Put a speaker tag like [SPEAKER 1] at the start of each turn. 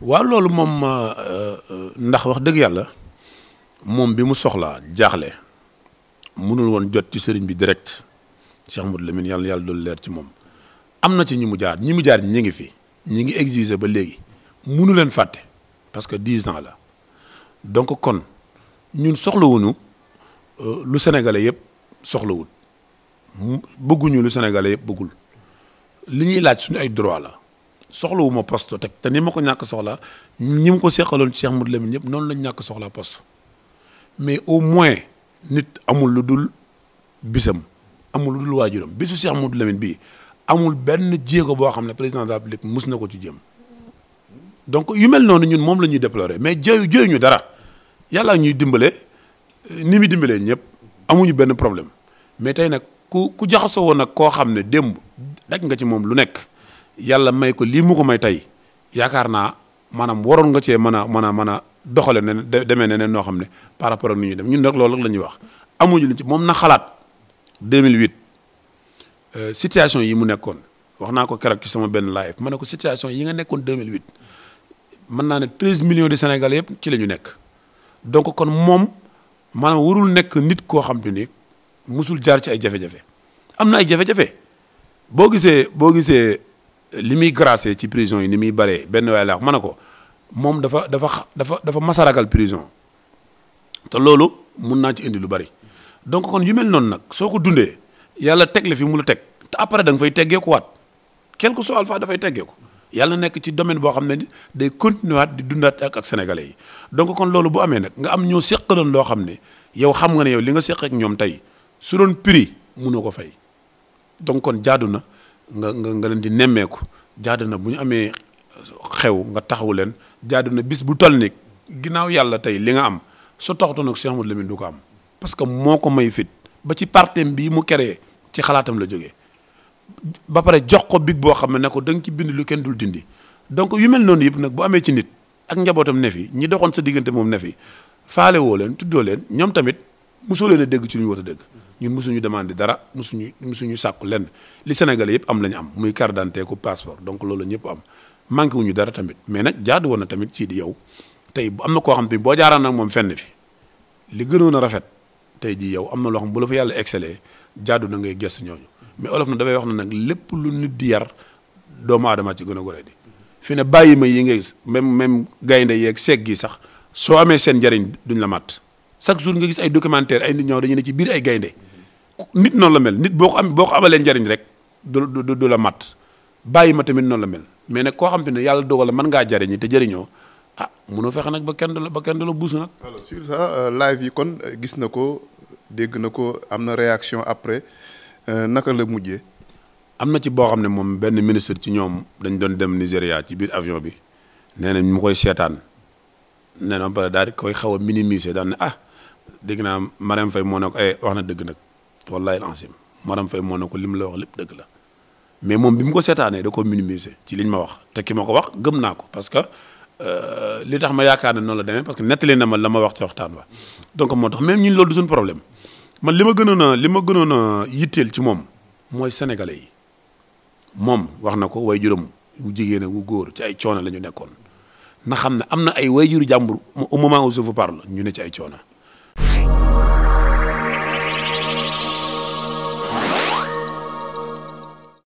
[SPEAKER 1] waaw loolu moom euh, euh, ndax wax dëgg yàlla moom bi mu soxlaa jaaxle munul woon jot ci sëriñ bi direct Cheikh Modou Lamine yàlla yàlla doolu leer ci moom am na ci ñi mu jaar ñi mu jaar ñi ngi fi ñi ngi exiger ba léegi mënu leen fàtte parce que dix ans la donc kon ñun soxlawuñu euh, lu sénégalais yëpp soxlawul bëgguñu lu sénégalais yëpp bëggul li ñuy laaj suñu ay droit la soxlawu ma poste teg te ni ma ko ñàkk soxla ñi ma ko seqaloon ci Cheikh Modou Lamine ñëpp noonu lañ ñàkk soxlaa poste mais au moins nit amul lu dul bisam amul lu dul waajuram bisu Cheikh Modou Lamine bii amul benn jéego boo xam ne président de la République na ko ci jéem donc yu mel noonu ñun moom la ñuy déplorer mais jooyu jooyu ñu dara yàlla ñuy dimbale nii muy dimbalee ñëpp amuñu benn problème mais tey nag ku ku jaxasoo woon nag koo xam ne démb daj nga ci moom lu nekk yàlla may ko lii mu ko may tey yaakaar naa maanaam waroon nga cee mën a mën a mën a doxale ne demee ne neen noo xam ne par rapport ak ni ñuy dem ñun rek loolu rek la ñuy wax amuñu lu ci moom na xalaat 2008 euh, situation yi mu nekkoon wax naa ko keroog ci benn live ma ne ko situation yi nga nekkoon 2008 mën naa ne 13 millions de sénégal yëpp ci la ñu nekk donc kon moom maanaam warul nekk nit koo xam te ni musul jaar ci ay jafe-jafe am na ay jafe-jafe boo gisee boo gisee li muy gracé ci prison yi ni muy bëree benn waay laax ma ne ko moom dafa dafa dafa dafa masaragal prison te loolu mun naa ci indi lu bari donc kon yu mel noonu nag soo ko dundee yàlla teg fi mu la teg te après da nga fay teggeeku waat quelque soit alpha dafay teggeeku yàlla nekk ci domaine boo xam ne day continuer di dundaat ak ak sénégalais donc kon loolu bu amee nag nga am ñoo séqaloon loo xam ne yow xam nga ne yow li nga séq ñoom tey su doon prix munoo ko fay donc kon jaadu na nga nga nga leen di nemmeeku jaadu na bu ñu amee xew nga taxawu leen jaadu na bis bu toll ni ginnaaw yàlla tey li nga am su taxutoon ak Cheikh du ko am parce que moo ko may fit ba ci partem bii mu créé ci xalaatam la jógee ba pare jox ko big boo xam ne ko da ci bind lu dul dindi donc yu mel noonu yëpp nag bu amee ci nit ak njabootam ne fi ñi doxoon sa diggante moom ne fi faale leen tuddoo leen ñoom tamit mosoo leen a dégg ci lu ñu war a dégg ñu mosuñu demande dara mosuñu mosuñu sàkku lenn li Sénégalais yëpp am la am muy carte d'identité ku passeport donc loolu ñëpp am manqué wuñu dara tamit mais nag jaadu woon na tamit ci di yow tey am na koo xam te boo jaaraan nag moom fenn fi li gënoon a rafet tey jii yow am na loo xam bu la fa yàlla exceller jaadu na ngay gëstu ñooñu mais olof na dafay wax na nag lépp lu nit di yar doomu aadama ci gën a goree di fi ne bàyyi ma yi ngay gis même même gaynde yeeg seeg gi sax soo amee seen njariñ duñ la matt chaque jour nga gis ay documentaire ay nit dañu ne ci biir ay gaynde nit noonu la mel nit boo ko am boo ko amalee njariñ rek du du du la matt bàyyi ma tamit noonu la mel mais nag koo xam ne yàlla dogal la mën ngaa jariñi te jëriñoo ah munoo fexe nag ba kenn du la ba kenn du la buus nag. alors sur ça euh, live yi kon euh, gis na ko dégg na ko am na réaction après euh, naka la mujjee. am na ci boo xam ne moom benn ministre ci ñoom dañ doon dem Nigéria ci biir avion bi nee na mu koy seetaan nee na ba pare daal koy xaw a minimiser daan ne ah dégg naa Marème Faye moo ne ko ay eh, wax na dëgg nag. wallahi alazim madame Faye moo ne ko li mu la wax lépp dëgg la mais moom bi mu ko seetaanee da ko minimiser ci liñ ma wax te ki ma ko wax gëm naa ko parce que euh, li tax ma yaakaar ne noonu la demee parce que nettali na ma la ma wax ci waxtaan wa donc moo tax même ñun loolu du suñu problème man li ma gënoon a li ma gënoon a yitteel ci moom mooy sénégale yi moom wax na ko way juróom wu jigéen wu góor ci ay coono la ñu nekkoon na xam ne am na ay way juru jàmbur au moment où je vous ñu ne ci ay coono